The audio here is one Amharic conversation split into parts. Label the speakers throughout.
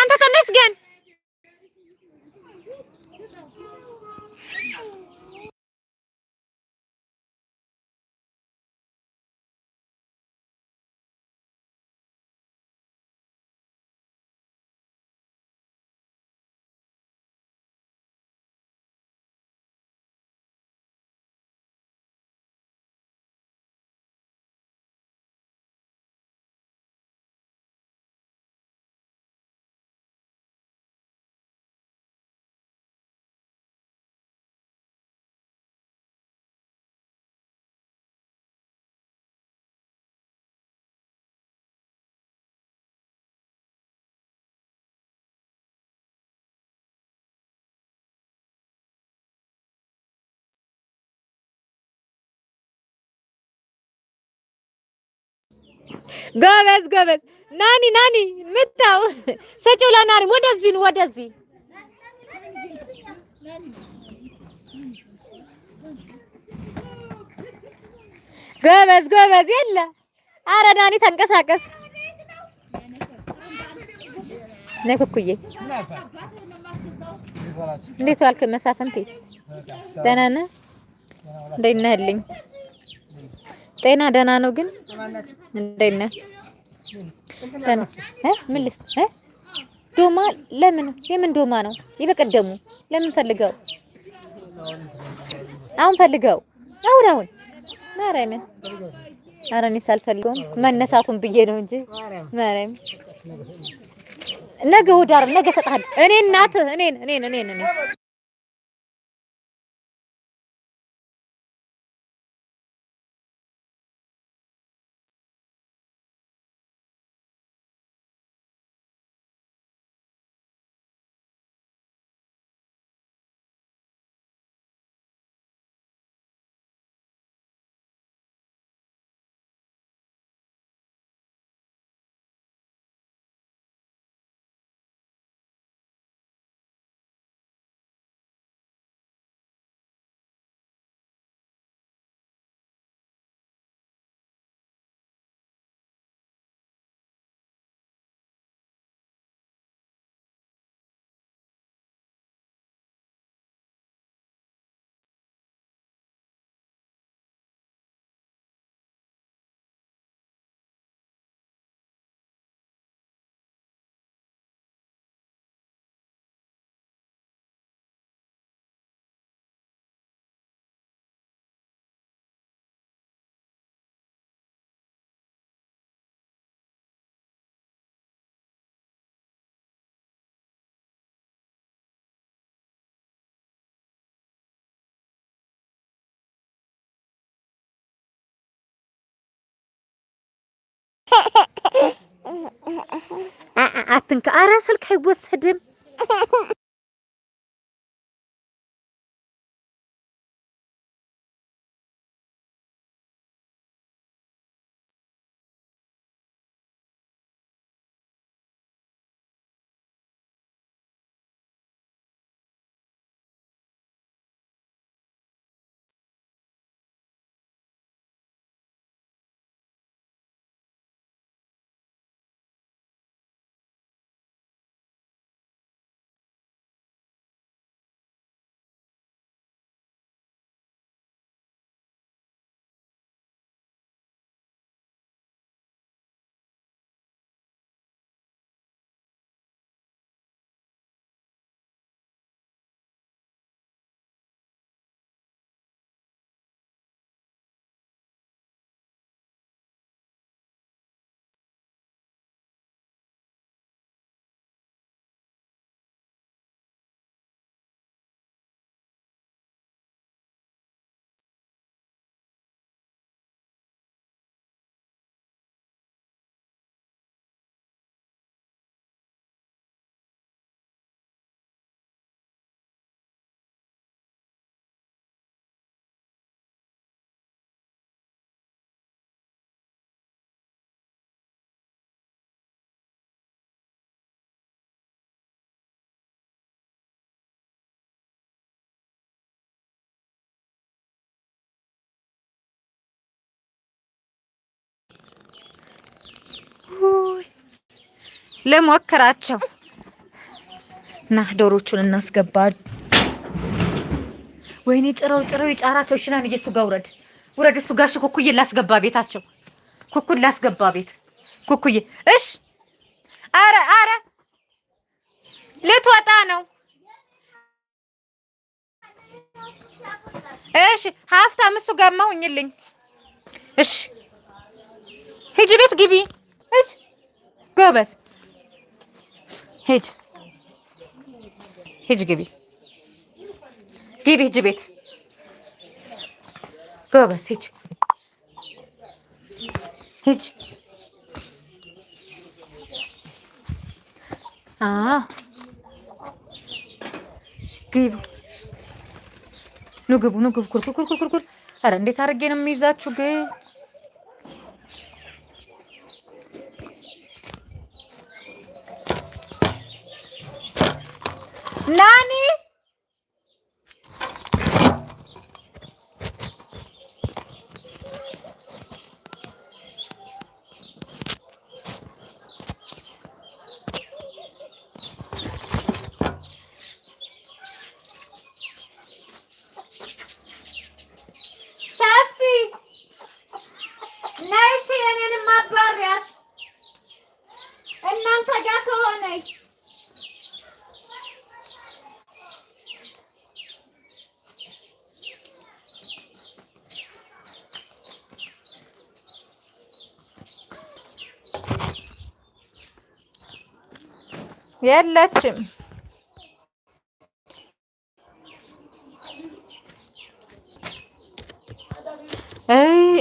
Speaker 1: አንተ ተመስገን ጎበዝ ጎበዝ። ናኒ ናኒ ምታው ሰጪው ለናኒ ወደዚህ ነው ወደዚህ ጎበዝ ጎበዝ። የለ አረ ናኒ ተንቀሳቀስ። ነይ ኩኩዬ እንዴት ዋልክ? መሳፍንቴ ደህና ነህ? እንዴት ነህልኝ? ጤና ደህና ነው። ግን እንዴት ነህ? ምን ልስ ዶማ ለምን የምን ዶማ ነው? የበቀደሙ ለምን ፈልገው? አሁን ፈልገው አሁን አሁን ማርያምን ኧረ እኔስ አልፈልገውም መነሳቱን ብዬ ነው እንጂ ማርያም ነገ ወዳር ነገ እሰጥሀለሁ እኔ እናትህ እኔን እኔን እኔን አትንካ። ኧረ ስልክ አይወሰድም። ለሞከራቸው እና ዶሮቹን እናስገባ። ወይኔ ጭረው ጭረው ይጫራቸው። ሽናን እየሱ ጋር ውረድ ውረድ። እሱ ጋር ኩኩዬ ላስገባ ቤታቸው ኩኩን ላስገባ ቤት ኩኩዬ። እሽ አረ አረ ልትወጣ ነው። እሺ ሀፍታም እሱ ጋር ሁኝልኝ። እሺ ሂጂ ቤት ግቢ። እሺ ጎበዝ ሂጅ ሂጅ፣ ግቢ ግቢ፣ ሂጅ ቤት ጎበዝ፣ ሂጅ ሂጅ። አዎ ግቡ፣ ኑ ግቡ፣ ኑ ግቡ። ኩርኩር ኩርኩር ኩርኩር። ኧረ እንዴት አድርጌ ነው የሚይዛችሁ ግን ባይ የለችም።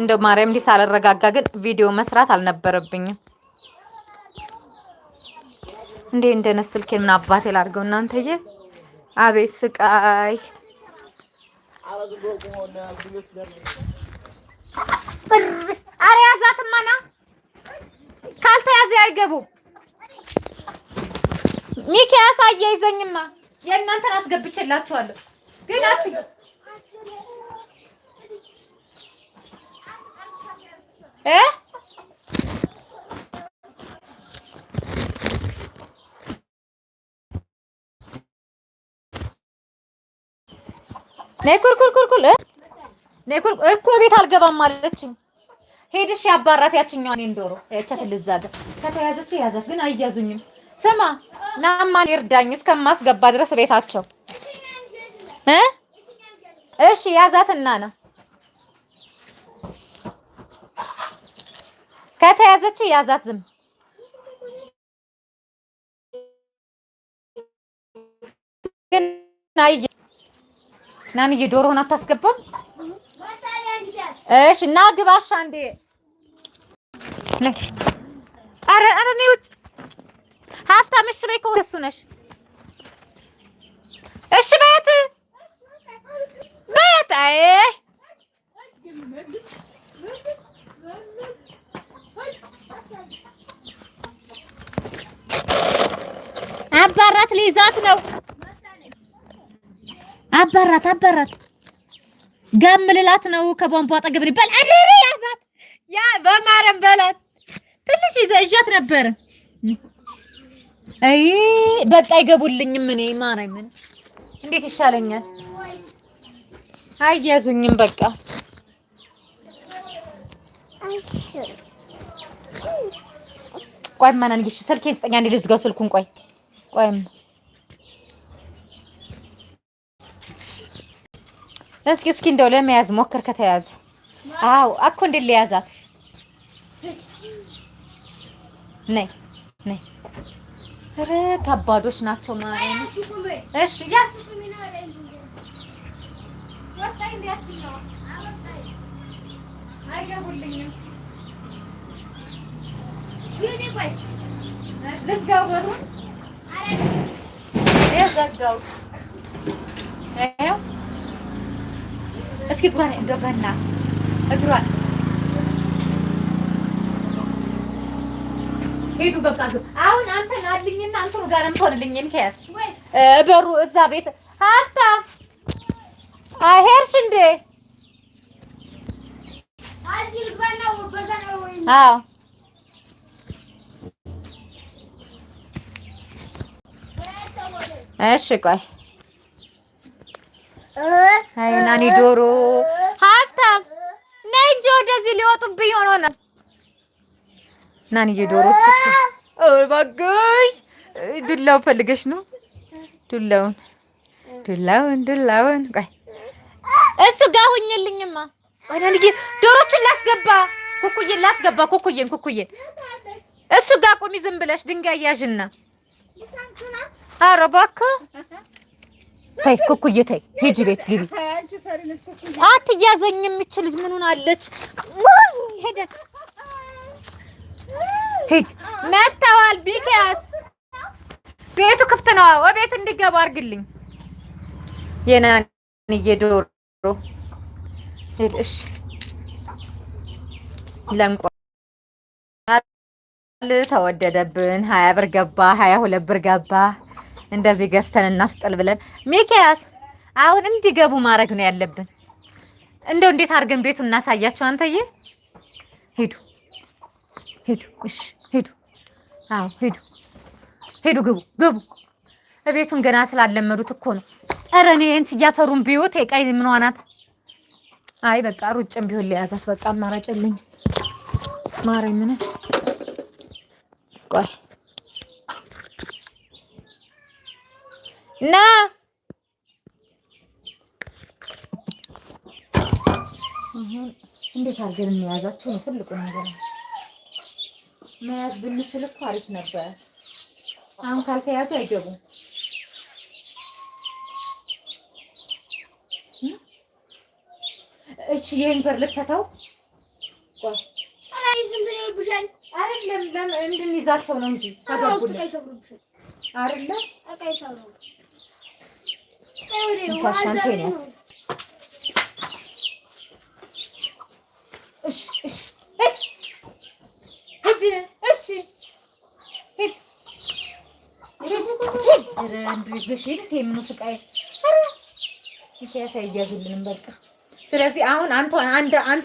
Speaker 1: እንደው ማርያም እንዲህ ሳልረጋጋ ግን ቪዲዮ መስራት አልነበረብኝም። እንዴ እንደነስ ስልኬን ምን አባቴ ላድርገው እናንተዬ። አቤት ስቃይ አረ ያዛትማና ካልተያዘ አይገቡም። ያሳየ ይዘኝማ የእናንተን አስገብቼላችኋለሁ ግን አት እ ነይ ኩልኩል ነይ ኩል እኮ ቤት አልገባም አለችኝ። ሄድሽ ያባራት ያችኛው እኔን ዶሮ ያቻት ልዛገ ከተያዘች ያዛት ግን አያዙኝም። ስማ ናማን ይርዳኝ እስከማስገባ ድረስ ቤታቸው እ እሺ ያዛትና ነው ከተያዘች ያዛት ዝም ግን አይ ናንዬ ዶሮህን አታስገባም? እሺ እና ግባሽ አንዴ። አረ አረ ነይ ውጭ። ሀብታም እሺ በይ ከሆነ እሱ ነሽ። እሺ በያት በያት። አይ አባራት ሊይዛት ነው አባራት አባራት ጋም ልላት ነው ከቧንቧ አጠገብ በል አሪሪ ያዛት ያ በማረም በላት ትንሽ ይዘዣት ነበር። አይ በቃ አይገቡልኝም። ምን ማረኝ ምን እንዴት ይሻለኛል? አይያዙኝም በቃ ቆይ ማናን ማናንጊሽ ስልኬን ስጠኛ እንዴ ልዝጋው ስልኩን ቆይ ቆይም እስኪ እስኪ እንደው ለመያዝ ሞክር። ከተያዘ አዎ፣ አኮ እንዴት ሊያዛት? ነይ ነይ። ኧረ ከባዶች ናቸው ማለት እሺ። ያዝ ልዝጋው በሩን። ዘጋው እስኪ እግሯን እንደው በእናትህ እግሯን ሄዱ በቃ አሁን አንተን አልኝና አንተን ጋር የምትሆንልኝ የሚካያዝ በሩ እዛ ቤት ሀፍታ ሄድሽ እንዴ? አዎ እሺ ቆይ አይ ናኒ ዶሮ ሀብታም ነይ እንጂ ወደዚህ ሊወጡብኝ ሆኖ ነው። ናኒዬ ዶሮ እባክሽ ዱላው ፈልገሽ ነው። ዱላውን ዱላውን ዱላውን ቆይ እሱ ጋር ሁኝልኝማ። ቆይ ናኒዬ ዶሮቹን ላስገባ፣ ኩኩዬን ላስገባ። ኩኩዬን ኩኩዬን እሱ ጋር ቁሚ ዝም ብለሽ ድንጋይ ያዥና ኧረ እባክህ ተይ ኩኩዬ ተይ፣ ሂጂ ቤት ግቢ። አትያዘኝ የምችል ልጅ ምን ሆናለች? ሄደት ሂድ። መተዋል ቢኪያስ ቤቱ ክፍት ነው። ወቤት እንዲገቡ አድርግልኝ የናንዬ ዶሮ። ሂድ እሺ። ተወደደብን። ሀያ ብር ገባ፣ ሀያ ሁለት ብር ገባ። እንደዚህ ገዝተን እናስጠል ብለን ሚኪያስ አሁን እንዲገቡ ማድረግ ነው ያለብን። እንደው እንዴት አድርገን ቤቱን እናሳያቸው። አንተዬ ሄዱ ሄዱ፣ እሺ ሄዱ፣ አዎ ሄዱ ሄዱ፣ ግቡ ግቡ። ቤቱን ገና ስላለመዱት እኮ ነው። ኧረ እኔ እንት እያፈሩን ቢዩት የቀይ ምን ሆናት? አይ በቃ ሩጭም ቢሆን በቃ ቆይ ና አሁን እንዴት አድርገን የመያዛቸው ነው ትልቁ ነገር። መያዝ ብንችል እኮ አሪፍ ነበር አሁን ካልተያዙ አይገቡም። እሺ ይሄን በር ልከተው ቆይ አይደለም፣ እንድንይዛቸው ነው እንጂ አይደለም ታሻንቴንያስ ስቃይ ሚኪያስ በቃ ስለዚህ አሁን አንተ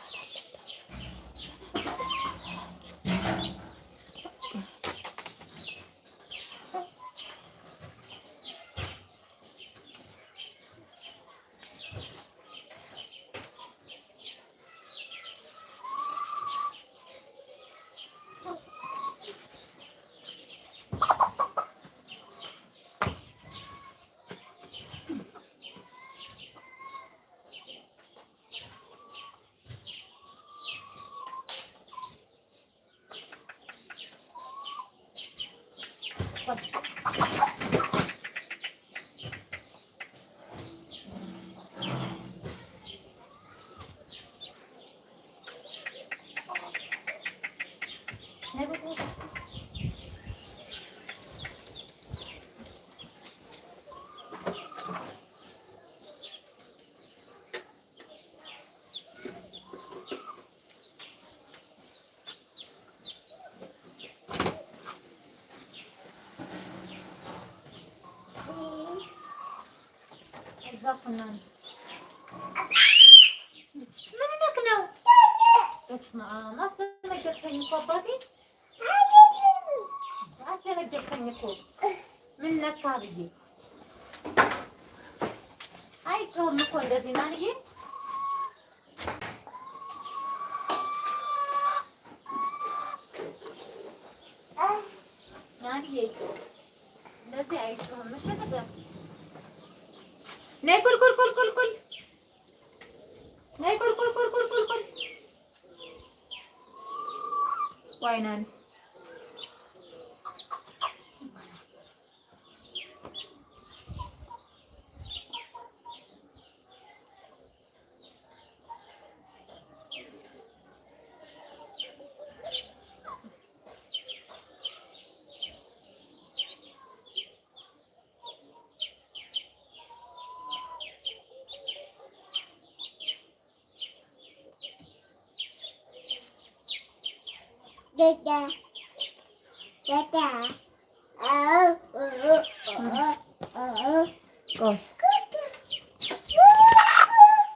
Speaker 1: ምን ነክ ነው? በስመ አብ አባቴ አስደነገጥከኝ እኮ ምን ብዬ አይጮህም እኮ እንደዚህ ማንዬ ነይ ቁል ቁል ቁል ቁል ቁል ነይ ቁል ቁል ቁል ቁል ቁል ዋይናን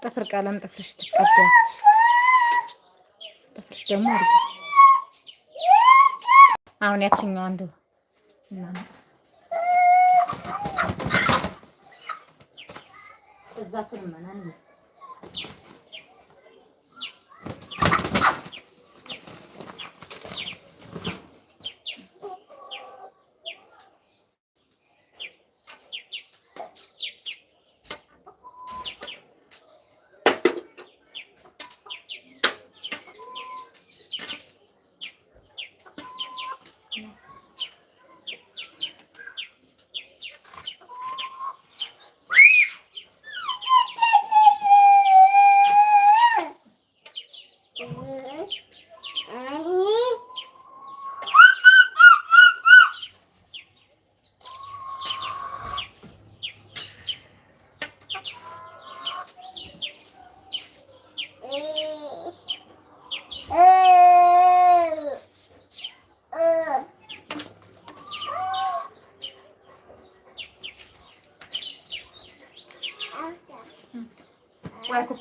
Speaker 1: ጥፍር ቀለም ጥፍርሽ ትቀቢያለሽ። ጥፍርሽ ደግሞ አሁን ያችኛው አንዱ እዛ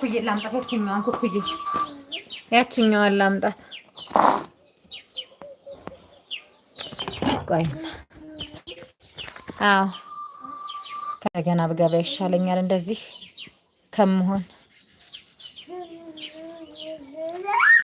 Speaker 1: ኩኩዬ ላምጣት፣ ያችኛዋን ኩኩዬ ያችኛዋን ላምጣት። ቆይ አዎ፣ ከገና ብገባ ይሻለኛል እንደዚህ ከመሆን